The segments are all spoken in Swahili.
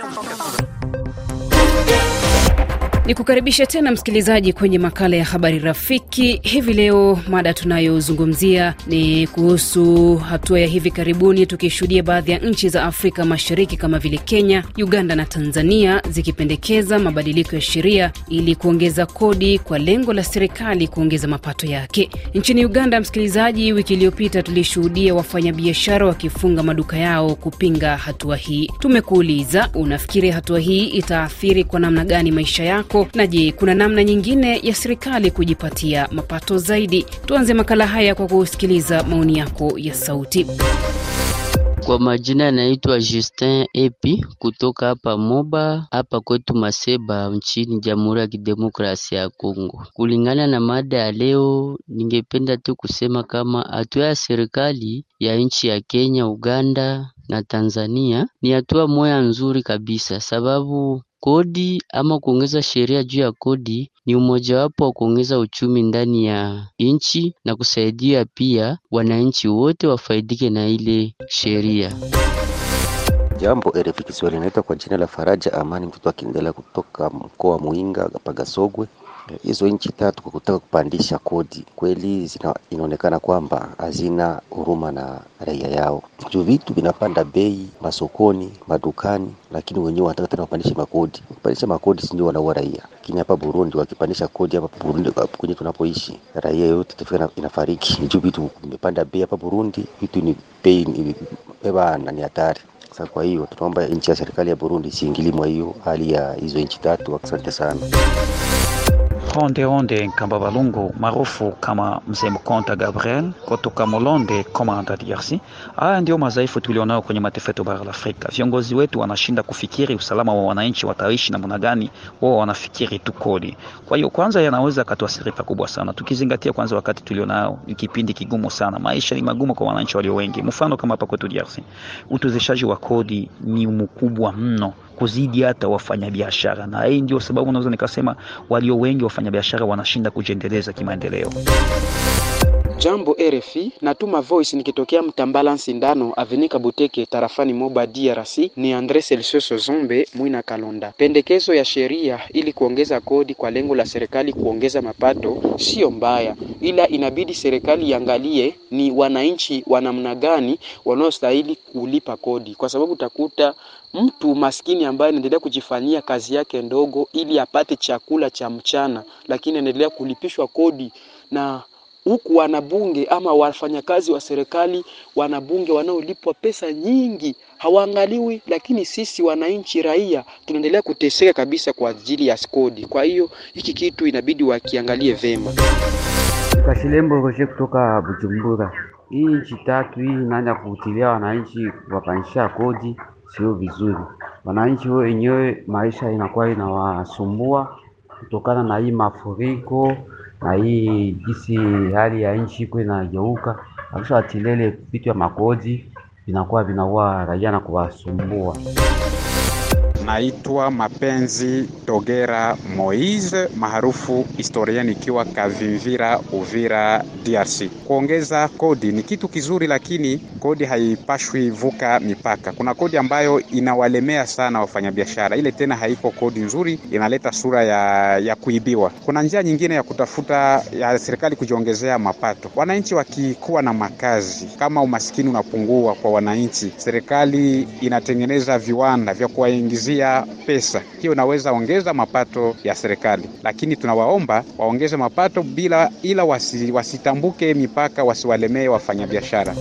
Rádio Qualquer Ni kukaribisha tena msikilizaji kwenye makala ya habari rafiki. Hivi leo mada tunayozungumzia ni kuhusu hatua ya hivi karibuni tukishuhudia baadhi ya nchi za Afrika Mashariki kama vile Kenya, Uganda na Tanzania zikipendekeza mabadiliko ya sheria ili kuongeza kodi kwa lengo la serikali kuongeza mapato yake. Nchini Uganda, msikilizaji, wiki iliyopita tulishuhudia wafanyabiashara wakifunga maduka yao kupinga hatua hii. Tumekuuliza, unafikiri hatua hii itaathiri kwa namna gani maisha yako? yako, na je, kuna namna nyingine ya serikali kujipatia mapato zaidi? Tuanze makala haya kwa kusikiliza maoni yako ya sauti. Kwa majina yanaitwa Justin Epi kutoka hapa Moba hapa kwetu Maseba nchini Jamhuri ya Kidemokrasia ya Kongo. Kulingana na mada ya leo, ningependa tu kusema kama hatua ya serikali ya nchi ya Kenya, Uganda na Tanzania ni hatua moya nzuri kabisa, sababu Kodi ama kuongeza sheria juu ya kodi ni umojawapo wa kuongeza uchumi ndani ya nchi na kusaidia pia wananchi wote wafaidike na ile sheria. Jambo RFI Kiswahili, kwa jina la Faraja Amani, mtoto wa Kindela kutoka mkoa wa Muinga hapa Gasogwe. Hizo nchi tatu kwa kutaka kupandisha kodi kweli zina, inaonekana kwamba hazina huruma na raia yao, juu vitu vinapanda bei masokoni, madukani, lakini wenyewe wanataka tena kupandisha makodi. Kupandisha makodi sindio wanaua raia? Lakini hapa Burundi wakipandisha kodi hapa Burundi kwenye tunapoishi, raia yote tafika inafariki juu vitu vimepanda bei. Hapa Burundi vitu ni bei ni eh, ni hatari. Sasa kwa hiyo tunaomba nchi ya serikali ya Burundi isiingilie mwa hiyo hali ya hizo nchi tatu. Asante sana. Ronde Onde Nkamba Balungu marufu kama Mzee Mkonta Gabriel kutoka Molonde Komanda DRC. Haya ndio madhaifu tulionao kwenye mataifa yetu bara la Afrika. Viongozi wetu wanashinda kufikiri usalama wa wananchi wataishi namna gani, wao wanafikiri tu kodi. Kwa hiyo kwanza, yanaweza katuathiri pakubwa sana, tukizingatia kwanza wakati tulionao ni kipindi kigumu sana, maisha ni magumu kwa wananchi walio wengi. Mfano kama hapa kwetu DRC, utuzeshaji wa kodi ni mkubwa mno kuzidi hata wafanyabiashara, na hii ndio sababu naweza nikasema walio wengi wafanyabiashara wanashinda kujiendeleza kimaendeleo. Jambo RFI, natuma voice nikitokea Mtambala Sindano Avenika Buteke tarafani Moba DRC. Ni Andre Celsius Zombe Mwina Kalonda. Pendekezo ya sheria ili kuongeza kodi kwa lengo la serikali kuongeza mapato sio mbaya, ila inabidi serikali iangalie ni wananchi wa namna gani wanaostahili kulipa kodi, kwa sababu utakuta mtu maskini ambaye anaendelea kujifanyia kazi yake ndogo ili apate chakula cha mchana, lakini anaendelea kulipishwa kodi na huku wanabunge ama wafanyakazi wa serikali, wanabunge wanaolipwa pesa nyingi hawaangaliwi, lakini sisi wananchi raia tunaendelea kuteseka kabisa kwa ajili ya kodi. Kwa hiyo hiki kitu inabidi wakiangalie vema Kashilembo Roje kutoka Bujumbura. Hii nchi tatu hii inaenda kutilia wananchi wapanisha kodi, sio vizuri. Wananchi wenyewe maisha inakuwa inawasumbua kutokana na hii mafuriko na hii jinsi hali ya nchi iko inageuka kabisa, watilele vitu ya makodi vinakuwa vinaua raia na kuwasumbua anaitwa Mapenzi Togera Moise maarufu historia nikiwa Kavimvira, Uvira, DRC. Kuongeza kodi ni kitu kizuri, lakini kodi haipashwi vuka mipaka. Kuna kodi ambayo inawalemea sana wafanyabiashara, ile tena haiko kodi nzuri, inaleta sura ya, ya kuibiwa. Kuna njia nyingine ya kutafuta ya serikali kujiongezea mapato. Wananchi wakikuwa na makazi, kama umaskini unapungua kwa wananchi, serikali inatengeneza viwanda vya kuwaingizia ya pesa, hiyo inaweza ongeza mapato ya serikali, lakini tunawaomba waongeze mapato bila ila wasi, wasitambuke mipaka, wasiwalemee wafanyabiashara.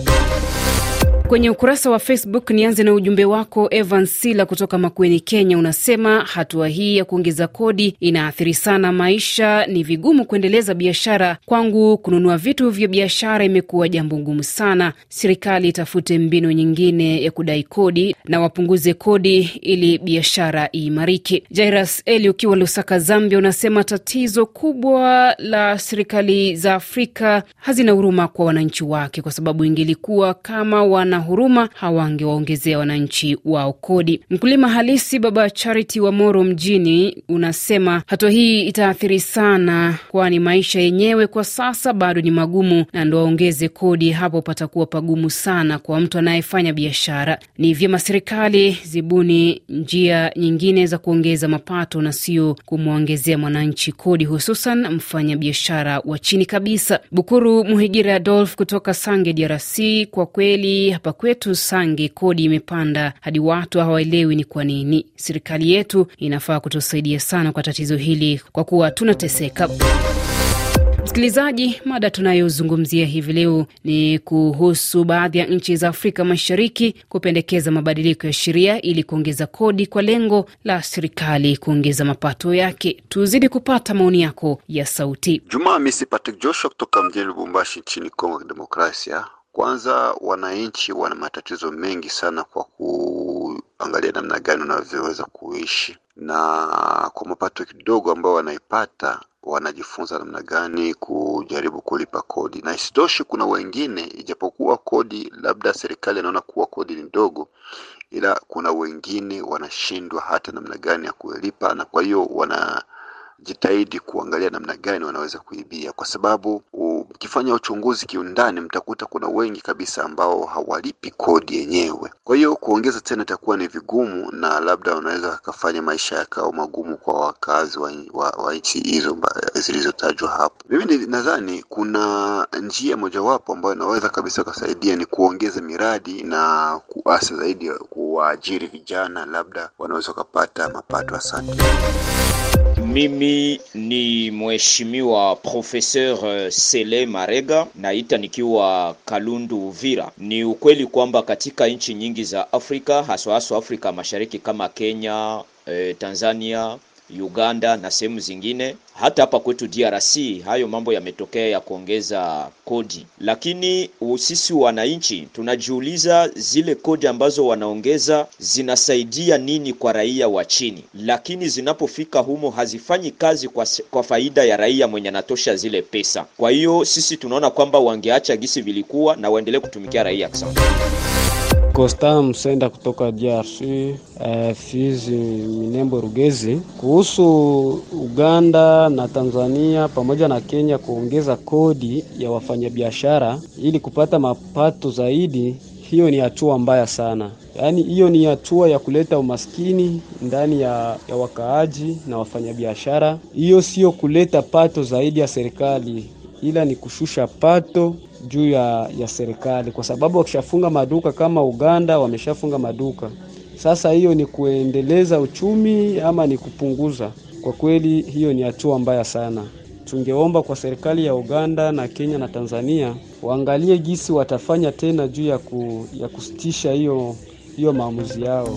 Kwenye ukurasa wa Facebook, nianze na ujumbe wako Evan Sila kutoka Makueni, Kenya. Unasema hatua hii ya kuongeza kodi inaathiri sana maisha, ni vigumu kuendeleza biashara. Kwangu kununua vitu vya biashara imekuwa jambo ngumu sana. Serikali itafute mbinu nyingine ya kudai kodi na wapunguze kodi ili biashara iimariki Jairas Eli ukiwa Lusaka, Zambia, unasema tatizo kubwa la serikali za Afrika hazina huruma kwa wananchi wake, kwa sababu ingelikuwa kama wana huruma hawangewaongezea wananchi wao kodi. Mkulima halisi Baba Charity wa Moro mjini unasema hatua hii itaathiri sana, kwani maisha yenyewe kwa sasa bado ni magumu, na ndo waongeze kodi, hapo patakuwa pagumu sana kwa mtu anayefanya biashara. Ni vyema serikali zibuni njia nyingine za kuongeza mapato na sio kumwongezea mwananchi kodi, hususan mfanya biashara wa chini kabisa. Bukuru Muhigira Adolf kutoka Sange, DRC. Kwa kweli hapa hapa kwetu sange kodi imepanda hadi watu hawaelewi ni kwa nini. Serikali yetu inafaa kutusaidia sana kwa tatizo hili, kwa kuwa tunateseka. Msikilizaji, mada tunayozungumzia hivi leo ni kuhusu baadhi ya nchi za Afrika Mashariki kupendekeza mabadiliko ya sheria ili kuongeza kodi kwa lengo la serikali kuongeza mapato yake. Tuzidi kupata maoni yako ya sauti. Jumaa Misi Patrick Joshua kutoka mjini Lubumbashi nchini Kongo ya Kidemokrasia. Kwanza wananchi wana matatizo mengi sana kwa kuangalia namna gani wanavyoweza kuishi, na kwa mapato kidogo ambayo wanaipata wanajifunza namna gani kujaribu kulipa kodi, na isitoshi kuna wengine, ijapokuwa kodi labda serikali inaona kuwa kodi ni ndogo, ila kuna wengine wanashindwa hata namna gani ya kuilipa, na kwa hiyo wana jitahidi kuangalia namna gani wanaweza kuibia, kwa sababu ukifanya uchunguzi kiundani, mtakuta kuna wengi kabisa ambao hawalipi kodi yenyewe. Kwa hiyo kuongeza tena itakuwa ni vigumu, na labda wanaweza wakafanya maisha yakao magumu kwa wakazi wa, wa, wa nchi hizo zilizotajwa hapo. Mimi nadhani kuna njia mojawapo ambayo inaweza kabisa kusaidia ni kuongeza miradi na kuasa zaidi kuwaajiri vijana, labda wanaweza wakapata mapato. Asante. Mimi ni mheshimiwa profeseur uh, Sele Marega, naita nikiwa Kalundu Uvira. Ni ukweli kwamba katika nchi nyingi za Afrika haswa haswa Afrika Mashariki kama Kenya, uh, Tanzania Uganda na sehemu zingine, hata hapa kwetu DRC hayo mambo yametokea ya kuongeza kodi, lakini sisi wananchi tunajiuliza zile kodi ambazo wanaongeza zinasaidia nini kwa raia wa chini, lakini zinapofika humo hazifanyi kazi kwa, kwa faida ya raia mwenye anatosha zile pesa. Kwa hiyo sisi tunaona kwamba wangeacha gisi vilikuwa na waendelee kutumikia raia kwa Kostan Msenda kutoka DRC eh, Fizi Minembo Rugezi. Kuhusu Uganda na Tanzania pamoja na Kenya kuongeza kodi ya wafanyabiashara ili kupata mapato zaidi, hiyo ni hatua mbaya sana. Yaani hiyo ni hatua ya kuleta umaskini ndani ya, ya wakaaji na wafanyabiashara. Hiyo sio kuleta pato zaidi ya serikali, ila ni kushusha pato juu ya, ya serikali, kwa sababu wakishafunga maduka kama Uganda wameshafunga maduka sasa, hiyo ni kuendeleza uchumi ama ni kupunguza? Kwa kweli hiyo ni hatua mbaya sana. Tungeomba kwa serikali ya Uganda na Kenya na Tanzania waangalie gisi watafanya tena juu ya, ku, ya kusitisha hiyo hiyo maamuzi yao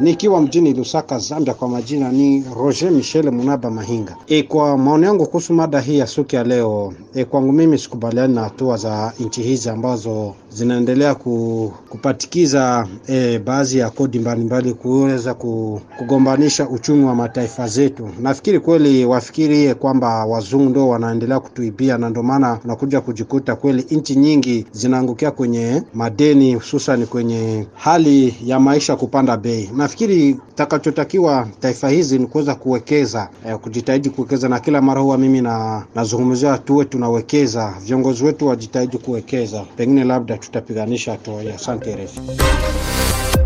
nikiwa mjini Lusaka, Zambia. Kwa majina ni Roger Michel Munaba Mahinga. E, kwa maoni yangu kuhusu mada hii ya suki ya leo e, kwangu mimi sikubaliani na hatua za nchi hizi ambazo zinaendelea ku, kupatikiza e, baadhi ya kodi mbalimbali kuweza ku, kugombanisha uchumi wa mataifa zetu. Nafikiri kweli wafikirie kwamba wazungu ndio wanaendelea kutuibia, na ndio maana unakuja kujikuta kweli nchi nyingi zinaangukia kwenye madeni, hususan kwenye hali ya maisha kupanda bei na nafikiri takachotakiwa taifa hizi ni kuweza kuwekeza eh, kujitahidi kuwekeza, na kila mara huwa mimi na nazungumzia tuwe wetu, tunawekeza, viongozi wetu wajitahidi kuwekeza, pengine labda tutapiganisha hatua. Asante refu.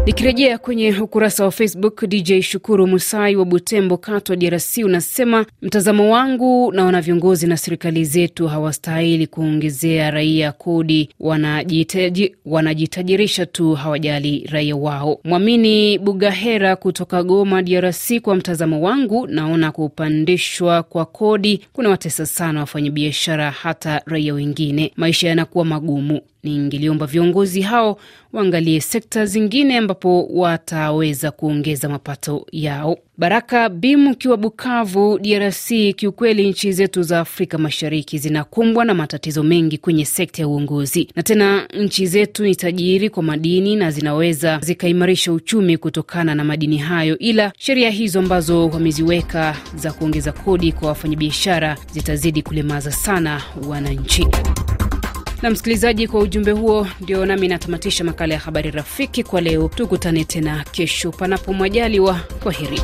Nikirejea kwenye ukurasa wa Facebook, DJ Shukuru Musai wa Butembo, Katwa, DRC, unasema mtazamo wangu, naona viongozi na serikali zetu hawastahili kuongezea raia kodi, wanajitaji, wanajitajirisha tu, hawajali raia wao. Mwamini Bugahera kutoka Goma, DRC, kwa mtazamo wangu, naona kupandishwa kwa kodi kuna watesa sana wafanyabiashara, hata raia wengine, maisha yanakuwa magumu ningeliomba viongozi hao waangalie sekta zingine ambapo wataweza kuongeza mapato yao. Baraka Bimu ukiwa Bukavu, DRC. Kiukweli, nchi zetu za Afrika Mashariki zinakumbwa na matatizo mengi kwenye sekta ya uongozi, na tena nchi zetu ni tajiri kwa madini na zinaweza zikaimarisha uchumi kutokana na madini hayo, ila sheria hizo ambazo wameziweka za kuongeza kodi kwa wafanyabiashara zitazidi kulemaza sana wananchi. Na msikilizaji, kwa ujumbe huo ndio nami natamatisha makala ya habari rafiki kwa leo. Tukutane tena kesho, panapo mwajaliwa. Kwaheri.